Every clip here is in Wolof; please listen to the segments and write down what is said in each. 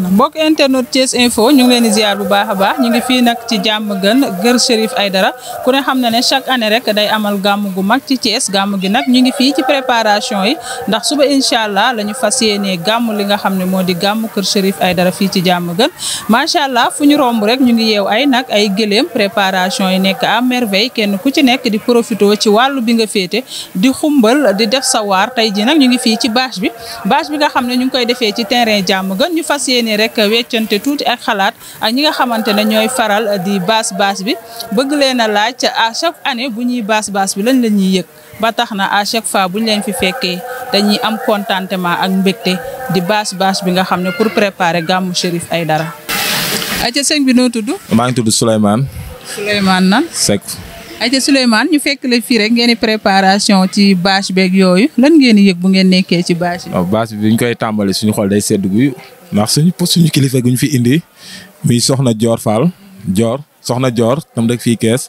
mbokk internet Thiès Info ñu ngi leen ziar bu baax a baax ñu ngi fii nag ci jàmm gën gër ay dara ku ne xam na ne chaque année rek day amal gàmm gu mag ci Thiès gàmm gi nag ñu ngi fii ci préparation yi ndax suba incha allah la ñu fas yéenee gàmm li nga xam ne moo di gàmm kër Chérif Aïdara fii ci jàmm gën macha allah fu ñu romb rek ñu ngi yeew ay nag ay gëléem préparation yi nekk à merveille kenn ku ci nekk di profité ci wàllu bi nga féete di xumbal di def sa waar tey ji nag ñu ngi fi ci bâche bi bâche bi nga xam ne ñu ngi koy defee ci terrain jàmm gën ñu fas yéene yéene rek weccante tuuti ak xalaat ak ñi nga xamante ne ñooy faral di baas baas bi bëgg leen a laaj à chaque année bu ñuy baas baas bi lañ la ñuy yëg ba tax na à chaque fois bu ñu leen fi fekkee dañuy am contentement ak mbégte di baas baas bi nga xam ne pour préparer gàmmu Chérif Aïdara. ayca sëñ bi noo tudd. maa ngi tudd Souleymane. Souleymane nan Seck. ayca Souleymane ñu fekk la fii rek ngeen di préparation ci bâche beeg yooyu lan ngeen di yëg bu ngeen nekkee ci bâche yi. waaw bi ñu koy tàmbali suñu xool day sedd guyu ndax suñu suñu kilifa gu ñu fi indi muy soxna joor Fall joor soxna joor tam rek fii kees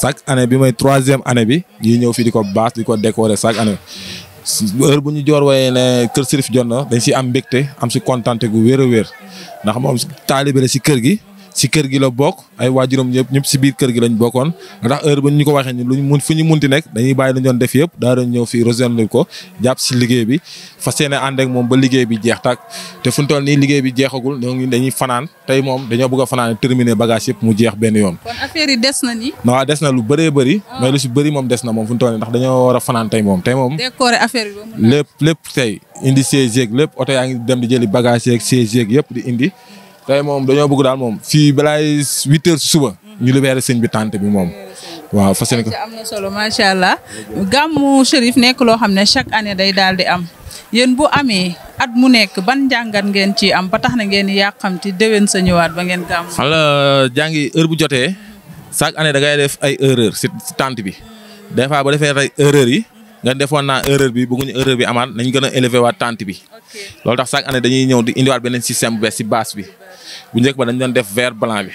chaque année bi mooy troisième année bi ñuy ñëw fii di ko baas di ko décorer chaque année. heure bu ñu joor waaye ne kër Sërif jot na dañ si am mbégte am si kontante gu wér a wér ndax moom taalibe la si kër gi si kër gi la bokk ay waajuram yëpp ñëpp si biir kër gi lañ bokkoon ndax heure ba ñu ko waxee ñu mun fu ñu munti nekk dañuy bàyyi lañ doon def yëpp daa doon ñëw fii rejoindre ko jàpp si liggéey bi fas yéene ànd ak moom ba liggéey bi jeex tak te fu ñu toll nii bi jeexagul ñoo ngi dañuy fanaan tey moom dañoo bëgg a fanaan terminer bagage yëpp mu jeex benn yoon. kon affaire des na ni. waaw des na lu bëree bari ah. mais lu si bëri moom des na moom fu ñu toll nii ndax dañoo war a fanaan tey moom tey moom. décorer affaire yi lépp lépp tey indi siège yeeg lépp oto yaa ngi dem di jëli bagage yeeg siège yeeg yëpp di indi tey moom dañoo bëgg daal moom fii balaay huit heures si suba ñu libéré sëñ bi tante bi moom. waaw fas yéene ko am na solo macha allah. gàmmu Chérif nekk loo xam ne chaque année day daal di am yéen bu amee at mu nekk ban jàngat ngeen ci am ba tax na ngeen ci déwén sa ñëwaat ba ngeen gàmm. xam nga euh, jàngi heure bu jotee chaque année da def ay erreur si tante bi des fois ba defee ay erreur yi defoon naa erreur bi bëgguñu erreur bi amaat nañ gën a waat tante bi. loolu tax chaque année dañuy ñëw di indiwaat beneen système bu bees si base bi. bu njëkk ba dañ doon def vert blanc bi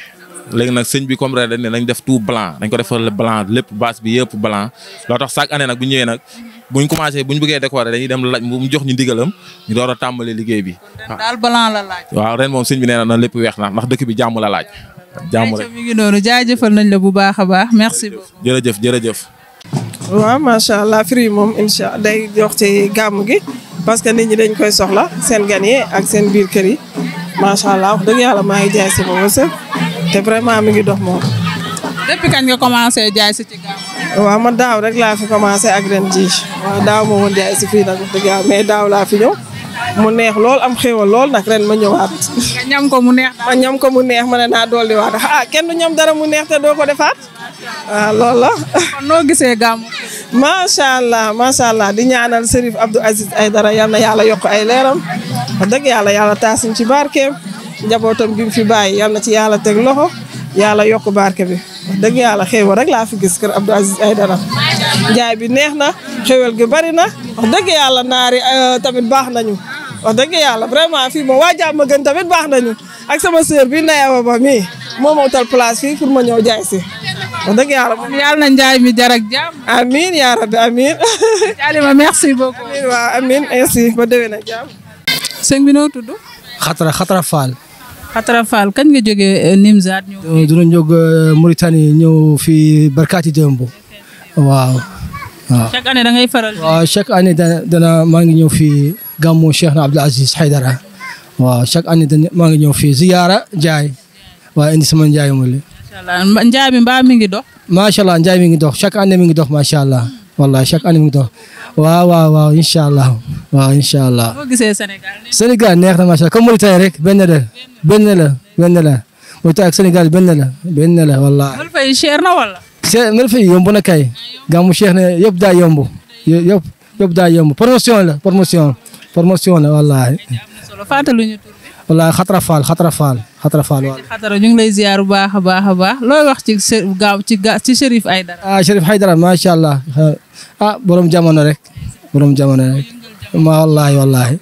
léegi nag sëñ bi comme ren dañ ne nañ def tout blanc dañ ko defal blanc lépp base bi yëpp blanc loo tax chaque année nag bu ñëwee nag buñ commencé buñ bëggee décorer dañuy dem laaj mu jox ñu ndigalam ñu door a tàmbali liggéey bi. waaw daal blanc la laaj. waaw ren moom sëñ bi nee na na lépp weex na ndax dëkk bi jàmm la laaj. jàmm rek mi ngi noonu jaajëfal nañ la bu baax a baax merci beaucoup. jërëjëf jërëjëf. waaw macha allah firi moom incha day jox ci gàmm gi parce que nit ñi dañ koy soxla seen gan yi ak seen biir kër yi macha allah wax dëgg yàlla maa ngi jaay si ma wërsëg te vraiment mi ngi dox moom. depuis kañ nga commencé jaay si ci gàmm. waaw ma daaw rek laa fi commencé ak ren ji waaw daaw moo woon jaay si fii nag wax dëgg mais daaw laa fi ñëw. mu neex lool am xéwal lool nag ren ma ñëwaat. nga ñam ko mu neex. ma ñam ko mu neex ma a naa dolli waat ah kenn du ñam dara mu neex te doo ko defaat. waaw loolu la. kon noo gisee gàmmu. macha allah macha allah di ñaanal Serif Abdou Aziz ay dara na yàlla yokk ay leeram wax dëgg yàlla yàlla taasuñ ci barkeem njabootam bi mu fi bàyyi yal na ci yàlla teg loxo yàlla yokk barke bi wax dëgg yàlla xéewal rek laa fi gis kër Abdou Aziz Aïdara njaay bi neex na xéewal gi bari na wax dëgg yàlla naari euh, tamit baax nañu wax dëgg yàlla vraiment fii moom waa jàmm gën tamit baax nañu ak sama sœur bi Ndeye Awa moo ma utal place fii pour ma ñëw jaay si wax dëgg yàlla moom. yàlla na njaay mi jar ak jàmm. yaa rabbi amiin. Alima merci beaucoup. amiin waaw amiin merci ba déwén ak jàmm. sëñ bi noo tudd. Xatara Xatara Fall. Xatara Fall kañ nga jógee euh, Nimzaat ñëw. Euh, dinañ jóg euh, Mauritanie fii barkaati démb. waaw. waaw chaque année da ngay faral. waaw chaque année dana maa ngi ñëw fii gàmmu Cheikh na Abdou Aziz Haydara waaw chaque année dana maa ngi ñëw fii ziyaara Ndiaye. waaw indi sama Ndiaye macha allah njaay mi mbaa mi ngi dox. macha allah njaay mi ngi dox chaque année mi ngi dox macha allah wallahi chaque année mi ngi dox waaw waaw waaw incha allah waaw incha allah. boo gisee Sénégal Sénégal neex na macha allah comme Mauritanie rek benn la benn la benn la Mauritanie ak Sénégal benn la benn la wallahi. mel fay cher na wala. cher mel fay yomb na kay. gàmmu cher na yëpp daa yomb yëpp yëpp daa yomb promotion la promotion promotion la wallahi. wala xatara faal xatara faal xatara faal waaw. xatara ñu ngi lay ziar bu baax a baax a baax looy wax ci gaaw ci ga ci Cherif Aidara. ah Cherif Aidara macha allah ah borom jamono rek borom jamono rek ma wallaahi wallaahi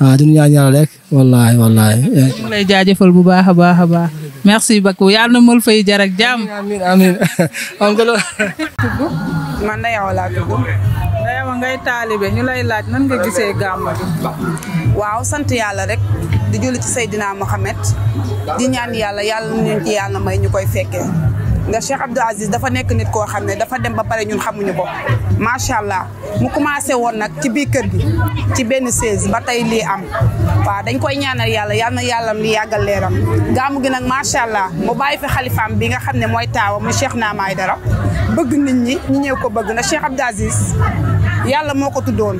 ah du ñu ñaan yàlla rek wallaahi wallaahi. ñu ngi lay jaajëfal bu baax a baax a baax. merci beaucoup yal na mël fay jar ak jàmm. yow ngay taalibe ñu lay laaj nan nga gisee gàmmu bi waaw sant yàlla rek di julli ci Seydina Mohamed di ñaan yàlla yàlla ñu ci yàlla may ñu koy fekke nga Cheikh Abdou Aziz dafa nekk nit koo xam ne dafa dem ba pare ñun xamuñu ko macha allah mu commencé woon nag ci biir kër gi ci benn seize ba tey lii am waaw dañ koy ñaanal yàlla yal na yàllam li yàggal leeram gàmmu gi nag macha allah mu bàyyi fi xalifaam bi nga xam ne mooy taawa mu Cheikh Naama Aidara bëgg nit ñi ñu ñëw ko yàlla moo ko tuddoon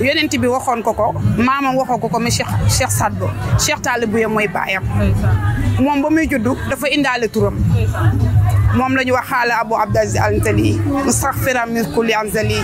yonent bi waxoon ko ko maamam waxoon ko ko mi Cheikh Cheikh Sadbo Cheikh Talibuya mooy baayam moom ba muy juddu dafa indaale turam moom la ñu wax xaala abou abdulaziz antali mustaxfiran min kulli anzali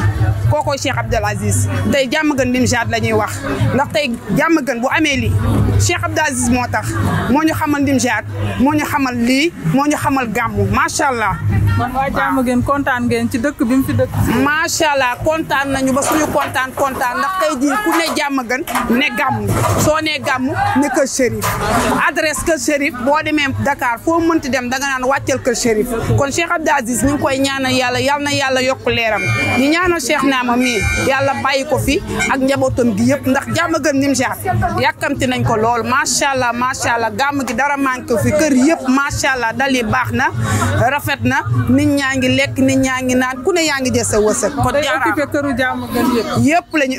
kookoo cheikh abdul aziz tey jàmm gën lim jaad la ñuy wax ndax tey jàmm gën bu amee lii cheikh abdul aziz moo tax moo ñu xamal lim jaad moo ñu xamal lii moo ñu xamal gàmmu macha allah kon waa jàmm ngeen kontaan ngeen ci dëkk bi mu fi dëkk. macha allah kontaan nañu ba suñu kontaan kontaan ndax tey jii ku ne jàmm gën ne gàmm soo nee gàmm ne kër Chérif adresse kër Chérif boo demee dakaar foo mënti dem danga naan wàccal kër Chérif kon Cheikh Abdou Aziz ñu ngi koy ñaanal yàlla yal na yàlla yokk leeram ñu ñaanal Cheikh Naama mii yàlla bàyyi ko fi ak njabootam gi yëpp ndax jàmm gën nim jaar yàkkamti nañ ko lool macha allah macha allah gàmm gi dara manqué fi kër yëpp macha allah dali baax na rafet na. nit ñaa ngi lekk nit ñaa ngi naan ku ne yaa ngi jël sa wërsëg. kon jaaraama occupé këru jàmm gën la ñuy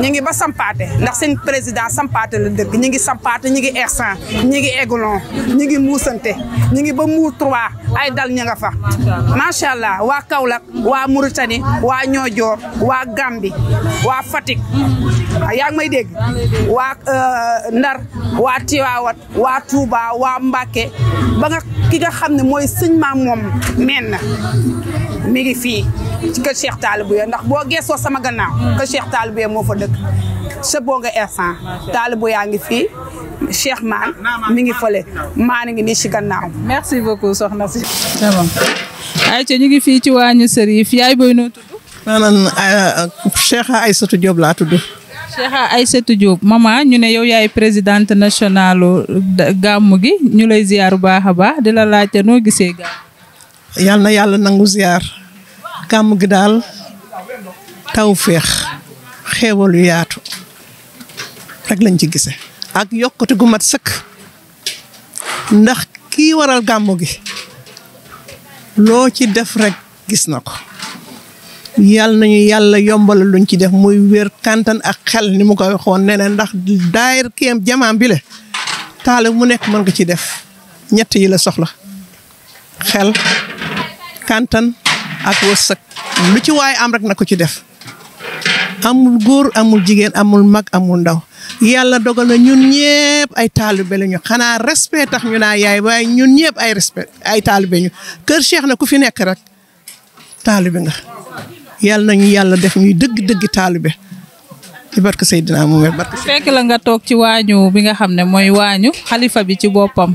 ñu ngi ba Sampaate ndax seen président Sampaate la dëkk ñu ngi Sampaate ñu ngi Ersan ñu ngi Aiglon ñu ngi Muusante ñu ngi ba Mbour 3 ay dal ña nga fa. macha allah waa Kaolack waa Mauritanie waa Niodior waa Gambie waa Fatick. yaa ngi may dégg waa euh, Ndar waa Tiwaawat waa Touba waa Mbacke ba ki nga xam ne mooy sëñ maam moom meen na mi ngi fii ci kër Cheikh ndax boo geesoo sama gannaaw kër Cheikh Talibuya moo fa dëkk sa boo nga ersan Talibuya ngi fii Cheikh maan mi ngi fële maan ngi nii ci gannaaw merci beaucoup soxna si c'est ay ca ñu ngi fii ci waañu Serif yaay booy noo tudd maanaam ay euh, Aïssatou Diop laa tudd Cheikha Aïssatou Diop mama ñu ne yow yaay présidente nationalu gàmmu gi ñu lay ziyaaru baax a baax di la laajte noo gisee gàmm yal na yàlla nangu ziyaar gàmm gi daal taw féex xéewal yu yaatu rek lañ ci gise ak yokkute gu mat sëkk ndax kii waral gàmmu gi loo ci def rek gis na ko yal nañu yàlla yombal luñ ci def muy wér kàntan ak xel ni mu ko waxoon nee na ndax daayir kéem jamaam bi le taale mu nekk mën nga ci def ñett yi la soxla xel kàntan ak wërsëg lu ci waaye am rek na ko ci def amul góor amul jigéen amul mag amul ndaw yàlla dogal na ñun ñëpp ay taalibe la ñu xanaa respect tax ñu naa yaay waaye ñun ñëpp ay respect ay taalibe ñu kër Cheikh na ku fi nekk rek taalibe nga yàlla nañu yàlla def ñuy dëgg-dëgg taalibe ci barke Seydina Muhammad fekk la nga toog ci waañu bi nga xam ne mooy waañu xalifa bi ci boppam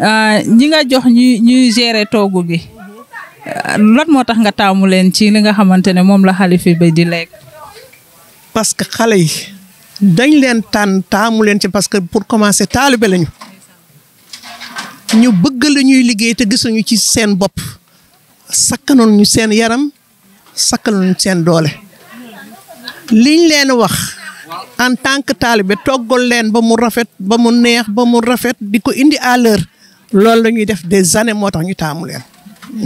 ah, ñi nga jox ñuy ñuy gérer toogu bi ah, lan moo tax nga taamu leen ci li nga xamante ne moom la xalifa bi di lekk. parce que xale yi dañ leen tànn taamu leen ci parce que pour commencer taalibe lañu ñu bëgg lañuy liggéey te gisuñu ci seen bopp sakkanoon ñu seen yaram sakkaluñ seen doole liñ leen wax en tant que taalibe toggal leen ba mu rafet ba mu neex ba mu rafet di ko indi à l'heure loolu la ñuy def des années moo tax ñu taamu leen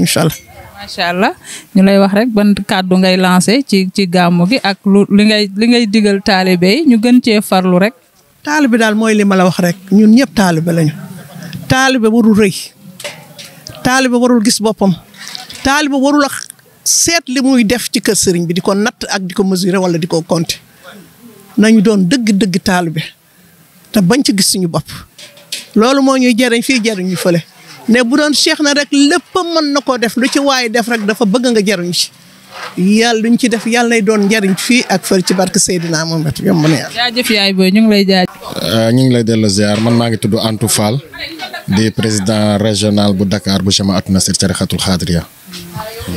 incha allah. macha allah ñu lay wax rek ban kàddu ngay lancé ci ci gàmmu gi ak lu li ngay li ngay digal taalibe yi ñu gën cee farlu rek. taalibe daal mooy li ma la wax rek ñun ñëpp taalibe lañu taalibe warul rëy taalibe warul gis boppam taalibe warul seet li muy def ci kër sëriñ bi di ko natt ak di ko mesurer wala di ko compter nañu doon dëgg-dëgg taalibe te bañ ci gis suñu bopp loolu moo ñuy jëriñ fii jariñ ñu fële ne bu doon cheikh na rek lépp mën na koo def lu ci waaye def rek dafa bëgg nga jariñ ci yàlla luñ ci def yàlla lay doon njëriñ fii ak fële ci barke Seydina Mohamed yomb na yàlla. jaajëf yaay booy ñu ngi lay jaajëf. Euh, ñu ngi lay dellu ziar man maa ngi tudd Antou Fall di président régional bu dakaar bu Jamaatuna Sirri Tarixatul Xaadiriya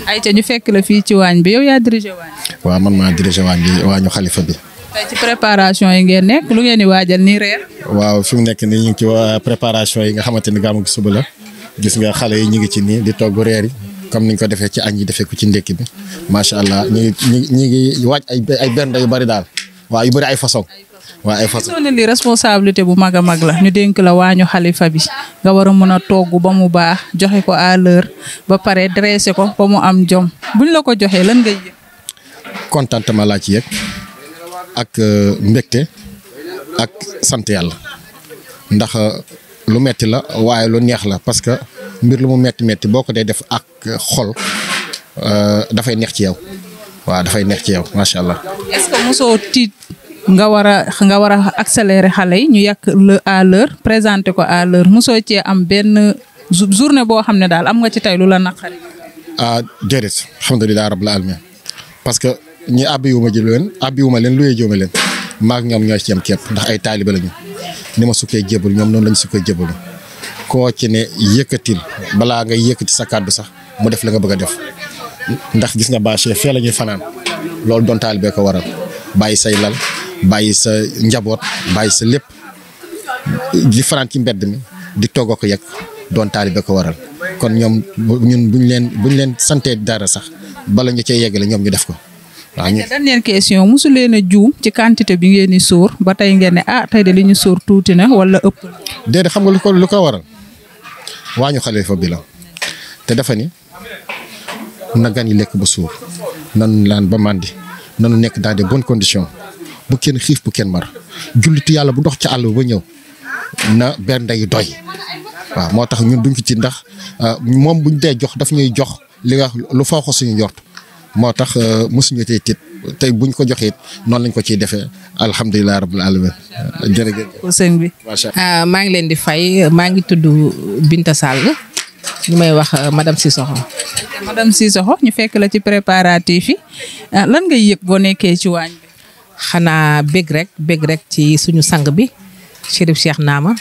ay ayca ñu fekk la fii ci waañ bi yow yaa dirigé waañ. waaw man maa dirigé waañ bi waañu xalifa bi. tey ci préparation yi ngeen nekk lu ngeen di waajal nii reer. waaw fi mu nekk ni ñu ngi ci préparation yi nga xamante ni gàmmu gi suba la gis nga xale yi ñu ngi ci nii di togg reer yi. comme niñ ko defee ci añ yi defee ko ci ndékki bi macha allah ñu ngi ñu ngi waaj ay ay bernde yu bari daal waaw yu bari ay façon. waa ay façon ne li responsabilité bu mag a mag la ñu dénk la waañu xalifa bi nga war a mën a togg ba mu baax joxe ko à l'heure ba pare dressé ko ba mu am jom buñ la ko joxee lan ngay yëg contentement laa ci yëg ak euh, mbégte ak sant yàlla ndax euh, lu metti la waaye lu neex la parce que mbir lu mu metti metti boo ko dee def ak xol euh, dafay neex ci yow waaw dafay neex ci yow macha allah. nga war a nga war a accélérer xale yi ñu yàq le à l'heure présenté ko à l'heure mosoo cee am benn journée boo xam ne daal am nga ci tey lu la naqari. ah déedéet alhamdulilah rabbil alamin parce que ñi àbbiwuma ji leen àbbiwuma leen lu jiwuma leen maak ñoom ñoo ci am képp ndax ay taaliba lañu ni ma sukkee jébal ñoom noonu lañ sukkee jébal koo ci ne yëkkatil balaa nga yëkkati sa kàddu sax mu def la nga bëgg a def ndax gis nga bâché fee la ñuy fanaan loolu doon taalibe ko waral bàyyi say lal. bàyyi sa njaboot bàyyi sa lépp di fanaan ci mbedd mi di togg ko yegg doon taalibe ko waral kon ñoom ñun bu ñu leen bu leen santee dara sax bala ñu cee yeggale ñoom ñu def ko. waaw ñu leen a juum ci quantité bi ngeen di sóor ba tey ngeen ne ah tey de li ñu sóor tuuti na wala ëpp. déedéet xam nga lu ko lu ko waral waa ñu xalifa bi la te dafa ni na yi lekk ba suur nanu laan ba màndi nanu nekk dans de bonnes conditions bu kenn xiif bu kenn mar jullit yàlla bu dox ci àll ba ñëw na benn day doy waaw moo tax ñu duñ ko ci ndax euh, moom bu buñ dee jox daf ñuy jox li nga lu foo ko suñu njort moo tax euh, mosuñu tey tit tey buñ ko joxee noonu lañ ko ciy defee alhamdulilah rabbil alamin jërëjëf. sëñ bi ah, maa ngi leen di fay maa ngi tudd Binta Sall ñu may wax euh, madame Sissokho. madame Sissokho ñu fekk la ci préparatif yi ah, lan ngay yëg boo nekkee ci waañ xanaa bég rek bég rek ci suñu sang bi Chérif Cheikh Naama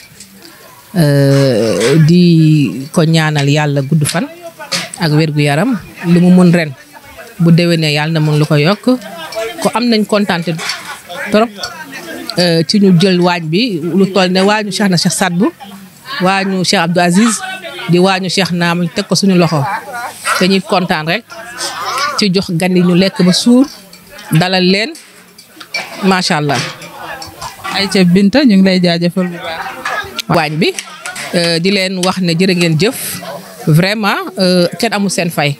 euh, di ko ñaanal yàlla gudd fan ak wérgu yaram lu mu mun ren bu ne yàlla na mun lu ko yokk ko am nañ kontaan trop euh, ci ñu jël waañ bi lu toll ne waañu Cheikh na Cheikh Sadbu waañu Cheikh Abdou di waañu Cheikh Naama teg ko suñu loxo te ñuy kontaan rek ci jox gan ñu lekk ba suur dalal leen. macha allah. ayca Binta ñu ngi lay jaajëfal bu baax. waañ bi euh, di leen wax ne jërë ngeen jëf vraiment euh, kenn amu seen fay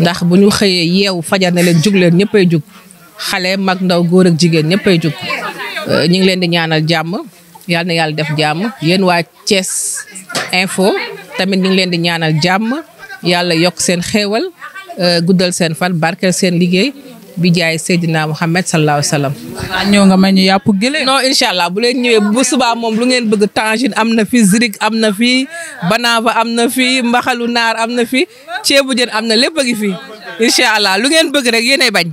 ndax bu ñu xëyee yeew fajar na leen jug leen ñëppay jug xale mag ndaw góor ak jigéen ñëppay jug euh, ñu ngi leen di ñaanal jàmm yal na yàlla def jàmm yéen waa Thiès info tamit ñu ngi leen di ñaanal jàmm yàlla yokk seen xéewal guddal seen fan barkeel seen liggéey. bi jaay Seydina Mouhamed sallallahu alayhi nga may ñu yàpp gële. non incha allah bu leen ñëwee bu subaa moom lu ngeen bëgg tangine am na fi zirik am na fi banaava am na fi mbaxalu naar am na fi ceebu jën am na lépp a ngi fi incha allah lu ngeen bëgg rek yéenay bañ